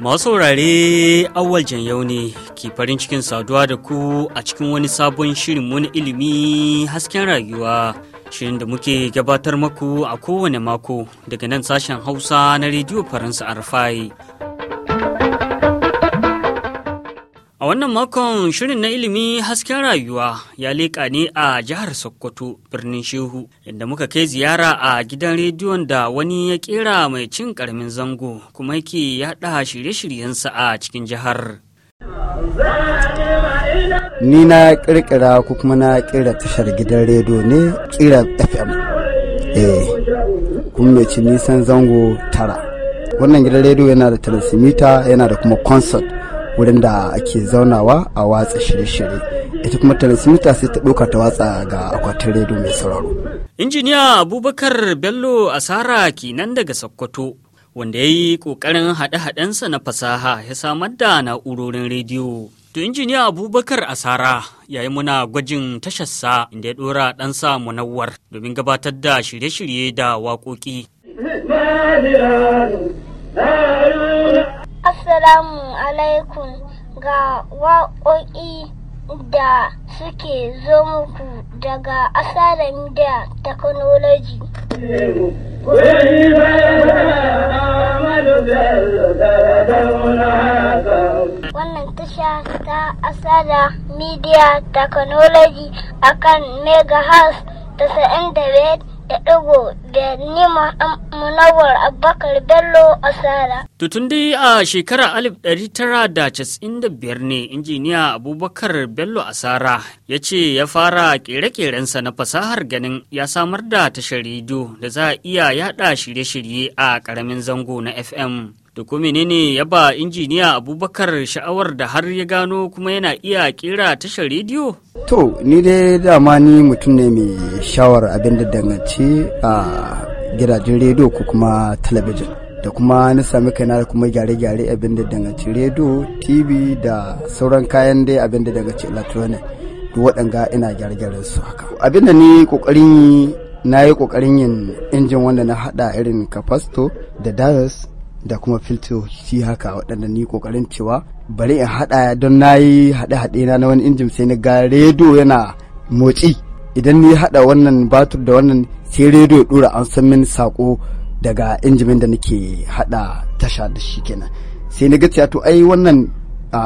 Masu saurare awal yau ne ke farin cikin saduwa da ku a cikin wani sabon shirin wani ilimi hasken rayuwa shirin da muke gabatar maku a kowane mako daga nan sashen hausa na rediyo faransa arfai A wannan makon shirin na ilimi hasken rayuwa ya leƙa ne a jihar Sokoto birnin Shehu inda muka kai ziyara a gidan rediyon da wani ya kera mai cin karamin zango kuma yake yaɗa shirye-shiryensa a cikin jihar. Ni na ƙirƙira ko kuma na ƙira tashar gidan rediyo ne ƙira FM. Eh, kuma mai ci nisan zango tara. Wannan gidan rediyo yana da transmitter yana da kuma concert. wurin da ake zaunawa a watsa shirye-shirye ita kuma transmitter sai ta ɗauka ta watsa ga akwatin rediyo mai sauraro. injiniya abubakar bello asara kinan daga sokoto wanda ya yi ƙoƙarin haɗe-haɗensa na fasaha ya samar da na'urorin rediyo. To injiniya Abubakar Asara ya yi muna gwajin tashassa inda ya ɗora ɗansa munawwar domin gabatar da shirye-shirye da waƙoƙi. Assalamu alaikum ga waƙoƙi da suke zo muku daga asalin da technology. Wannan tasha ta asada media technology akan da 95 da ɗigo da nima munawar abubakar bello asara. tutun dai a shekara alif ɗari tara da da biyar ne injiniya abubakar bello asara ya ce ya fara ƙere-ƙerensa na fasahar ganin ya samar da tashar rediyo da za a iya yada shirye-shirye a ƙaramin zango na fm da kuma menene ya ba injiniya abubakar sha'awar da har ya gano kuma yana iya kera tashar rediyo to ni dai dama ni mutum ne mai shawar abin da danganci a gidajen rediyo ko kuma talabijin da kuma na sami kaina da kuma gyare-gyare abin da danganci rediyo tv da sauran kayan dai abin da danganci electronic duk waɗanga ina gyare-gyaren su haka abin da ni kokarin na yi kokarin yin injin wanda na hada irin capacitor da dares. da kuma filto shi haka waɗanda ni kokarin cewa bari in haɗa don na yi haɗe-haɗe na na wani injin sai na ga redo yana motsi idan ni haɗa wannan batur da wannan sai redo ya ɗora an san min sako daga injimin da nake haɗa tasha da shi kenan sai na ga cewa to ai wannan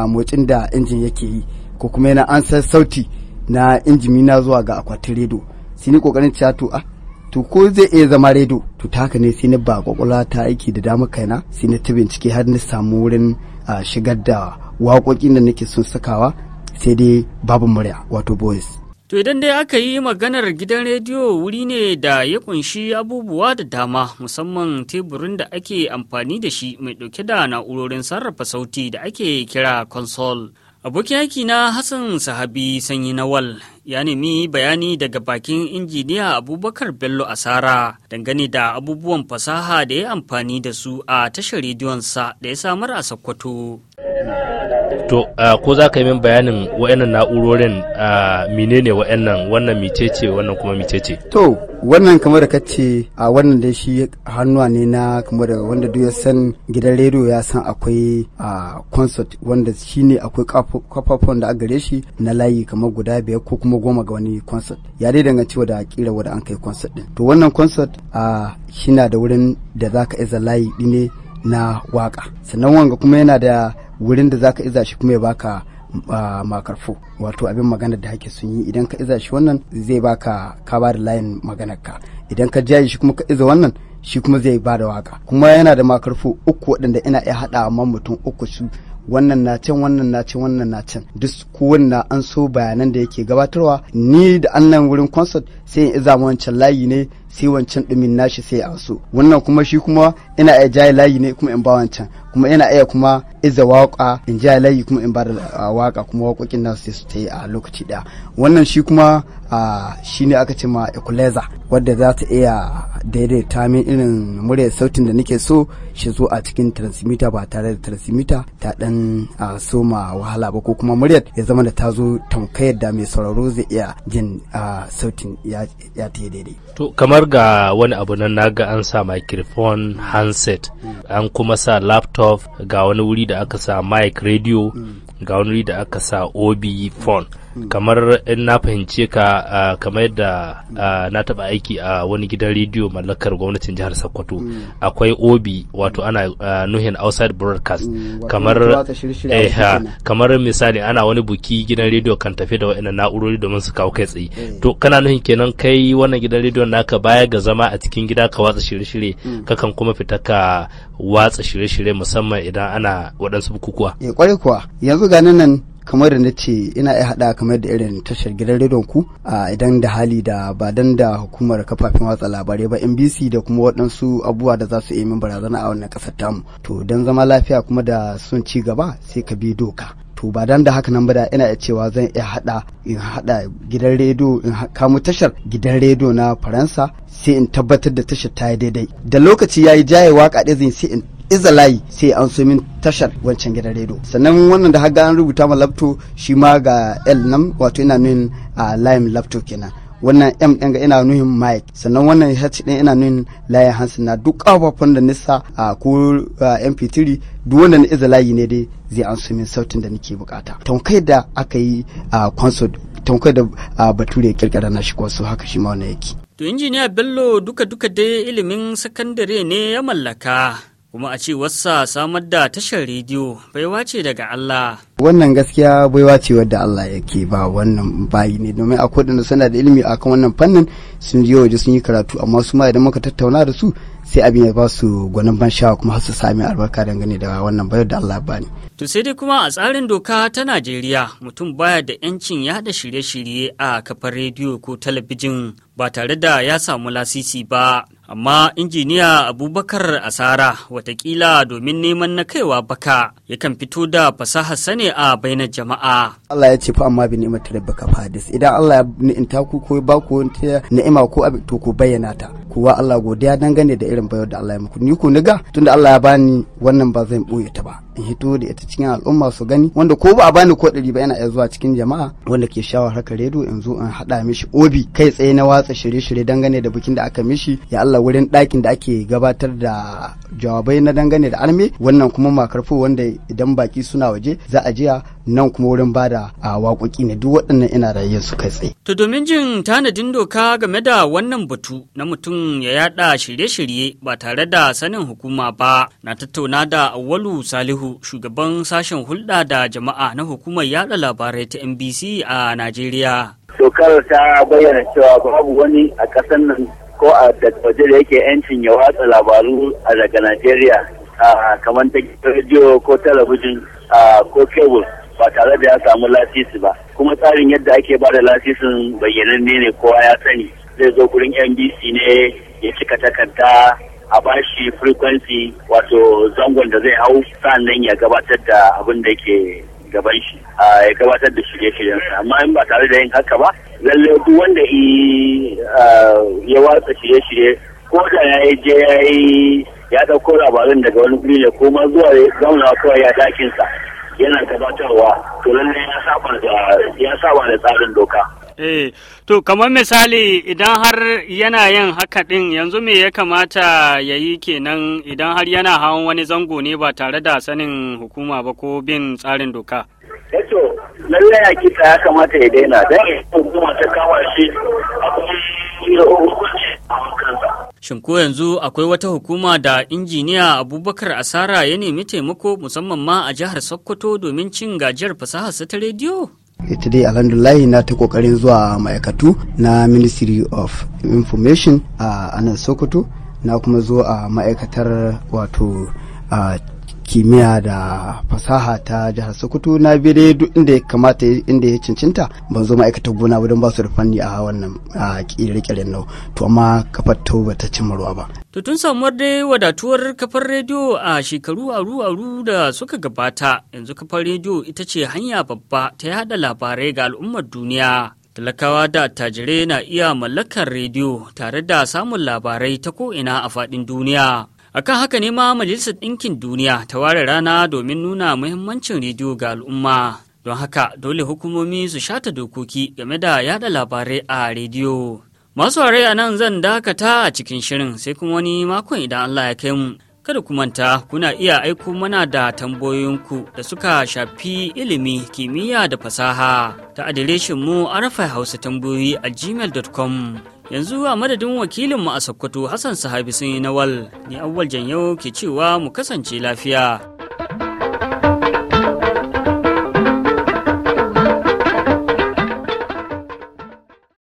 motsin da injin yake yi ko kuma yana an sauti na injimi na zuwa ga akwatin redo sai ni kokarin cewa to ah to ko zai iya zama redo to ta ne sai na ba kwakwalwa ta aiki da dama kaina sai na ta bincike har na samu wurin shigar da waƙoƙin da nake son sakawa sai dai babu murya wato boys To idan dai aka yi maganar gidan rediyo wuri ne da ya kunshi abubuwa da dama musamman teburin da ake amfani da shi mai ɗauke da na'urorin sarrafa sauti da ake kira console. Abokin aiki na Hassan Sahabi Sanyi Nawal ya nemi bayani daga bakin injiniya Abubakar Bello Asara dangane da abubuwan fasaha da ya amfani da su a tashar rediyonsa da ya samar a Sokoto. To, ko za ka yi min bayanin wa'annan na'urorin menene wa'annan wannan micece wannan kuma micece? To, wannan kamar da kace a wannan da shi hannuwa ne na kamar da wanda duk ya san gidan rediyo ya san akwai a concert wanda shi ne akwai kafafon da a gare shi na layi kamar guda biyar ko kuma goma ga wani concert ya dai danganci da kira da an kai concert din to wannan concert a shina da wurin da zaka iza layi ne na waka sannan wanga kuma yana da wurin da zaka iza shi kuma ya baka makarfo wato abin magana da hake sun yi idan ka iza shi wannan zai baka ka ba da layin maganar ka idan ka jaye shi kuma ka iza wannan shi kuma zai ba da waka kuma yana da makarfo uku waɗanda ina iya haɗa man mutum uku su wannan na can wannan na can wannan na can duk kowanne an so bayanan da yake gabatarwa ni da annan wurin concert sai in iza wancan layi ne sai wancan ɗumin nashi sai a so wannan kuma shi kuma ina iya jaye layi ne kuma in ba wancan kuma ina iya kuma iza waka in jaye layi kuma in ba da waka kuma wakokin nasu sai su ta a lokaci ɗaya wannan shi kuma shi ne aka ce ma ekuleza. wadda za ta iya daidaita min irin murya sautin da nake so shi zo a cikin transmitter ba tare da transmitter ta ɗan ma wahala ba ko kuma muryar ya zama da ta zo tamkayar da mai sauraro zai iya jin sautin ya ta daidai. kamar kamar ga wani abu nan na ga an sa microphone handset an kuma sa laptop ga wani wuri da aka sa mic radio ga wani da aka sa ob phone kamar in na fahimce ka kamar yadda na taba aiki a wani gidan rediyo mallakar gwamnatin jihar sokoto mm. akwai ob wato ana nuhin outside broadcast mm, kamar eh, kamar misali ana wani buki gidan rediyo kan tafi da wa'annan na'urori domin su kawo kai tsaye eh. to kana nuhin kenan kai wannan gidan rediyo naka baya ga zama a cikin gida ka watsa shirye-shirye mm. kakan kuma fita ka watsa shirye-shirye musamman idan ana waɗansu bukukuwa kwarai eh, kuwa yanzu buga nan kamar da na ce ina iya haɗa kamar da irin tashar gidan rediyon ku a idan da hali da ba dan da hukumar kafafen watsa labarai ba NBC da kuma waɗansu abubuwa da za su yi min barazana a wannan ta tamu to dan zama lafiya kuma da sun ci gaba sai ka bi doka to ba dan da haka nan ba da ina cewa zan iya hada in hada gidan rediyo in kamo tashar gidan rediyo na faransa sai in tabbatar da tashar ta yi daidai da lokaci yayi jaye waka ɗaya sai in izalai sai an so min tashar wancan gidan rediyo sannan wannan da haga an rubuta ma lapto shi ma ga l nan wato ina nuhin a layin lapto kenan wannan m ɗin ga ina nuhin mic sannan wannan h ɗin ina nuhin layin hansu na duk ƙafafun da nisa a ko mp3 duk wanda na ne dai zai an min sautin da nake bukata tankai da aka yi a concert tankai da bature kirkira na shi kwaso haka shi ma wannan yake to injiniya bello duka duka dai ilimin sakandare ne ya mallaka kuma a ce wasa samar da tashar rediyo baiwa ce daga Allah. Wannan gaskiya baiwa ce wadda Allah yake ba wannan bayi ne domin akwai da suna da ilimi akan wannan fannin sun je waje sun yi karatu amma su ma idan muka tattauna da su sai abin ya ba su gwanin ban sha'awa kuma su sami albarka dangane da wannan bayar da Allah bani. To sai dai kuma a tsarin doka ta Najeriya mutum baya da 'yancin yada shirye-shirye a kafar rediyo ko talabijin ba tare da ya samu lasisi ba. Amma injiniya Abubakar Asara watakila domin neman na kaiwa baka yakan fito da fasahar sane a bainar jama'a. Allah ya ce fa amma bi ni'imar baka fadis idan Allah ya ni'imta ku ko ba ku ni'ima ko to ku bayyana ta kowa Allah godiya dangane da irin bayar da Allah ya muku ni ko niga tunda Allah ya bani wannan ba zan boye ta ba in hito da ita cikin al'umma su gani wanda ko ba a bani ko ɗari ba yana iya zuwa cikin jama'a wanda ke shawar haka rediyo in zo in haɗa mishi obi kai tsaye na watsa shirye-shirye dangane da bikin da aka mishi ya Allah wurin ɗakin da ake gabatar da jawabai na dangane da arme wannan kuma makarfo wanda idan baki suna waje za a jiya nan kuma wurin bada a waƙoƙi ne duk waɗannan ina rayuwar su kai tsaye. To domin jin tanadin doka game da wannan batu na mutum ya yada shirye-shirye ba tare da sanin hukuma ba na tattauna da Auwalu Salihu shugaban sashen hulɗa da jama'a na hukumar yada labarai ta NBC a Najeriya. Dokar ta bayyana cewa babu wani a ƙasar nan ko a waje da yake 'yancin ya watsa labaru a daga Najeriya kamar ta rediyo ko talabijin ko kebul ba tare da ya samu lasisi ba kuma tsarin yadda ake ba da lasisin bayyananne ne kowa ya sani zai zo gurin NBC ne ya cika takarda a ba shi frequency wato zangon da zai hau nan ya gabatar da abin da ke gaban shi ya gabatar da shirye sa amma in ba tare da yin haka ba lalle duk wanda ya watsa shirye-shirye ko da ya yi je ya yi ya dauko labarin daga wani guri ne ko ma zuwa zaunawa kawai ya dakinsa yana gabatarwa to lallai ya saba da ya saba da tsarin doka eh to kamar misali idan har yana yin haka din yanzu me ya kamata ya yi kenan idan har yana hawan wani zango ne ba tare da sanin hukuma ba ko bin tsarin doka eto eh, lallai kika ya kamata ya daina dan hukuma ta kawo shi a kuma Shin ko yanzu akwai wata hukuma da injiniya Abubakar Asara ya nemi taimako musamman ma a jihar Sokoto domin cin gajiyar fasahar ta rediyo? ita dai alhamdulahi na ta kokarin zuwa ma'aikatu na ministry of information a nan sokoto na kuma zo a ma'aikatar wato kimiyya da fasaha ta jihar sokoto na bire duk inda ya kamata inda ya cincinta ban zo ma'aikatar gona wajen ba su da fanni a wannan kire nau to amma kafar ta ba ta cimma ruwa ba. to tun samuwar dai wadatuwar kafar rediyo a shekaru aru aru da suka gabata yanzu kafar rediyo ita ce hanya babba ta yada labarai ga al'ummar duniya. talakawa da attajirai na iya mallakar rediyo tare da samun labarai ta ko'ina a faɗin duniya akan haka ne ma majalisar ɗinkin duniya ta ware rana domin nuna muhimmancin rediyo ga al'umma don haka dole hukumomi su shata dokoki game da yada labarai a rediyo masu ware a nan zan dakata a cikin shirin sai kuma wani makon idan allah ya kai mu kada ku manta kuna iya aiko mana da tambayoyinku da suka shafi ilimi kimiyya da fasaha ta adireshin mu arafa hausa tambayoyi a gmail.com yanzu a madadin wakilinmu a sokoto hassan sahabi sun yi nawal ne awwal janyo ke cewa mu kasance lafiya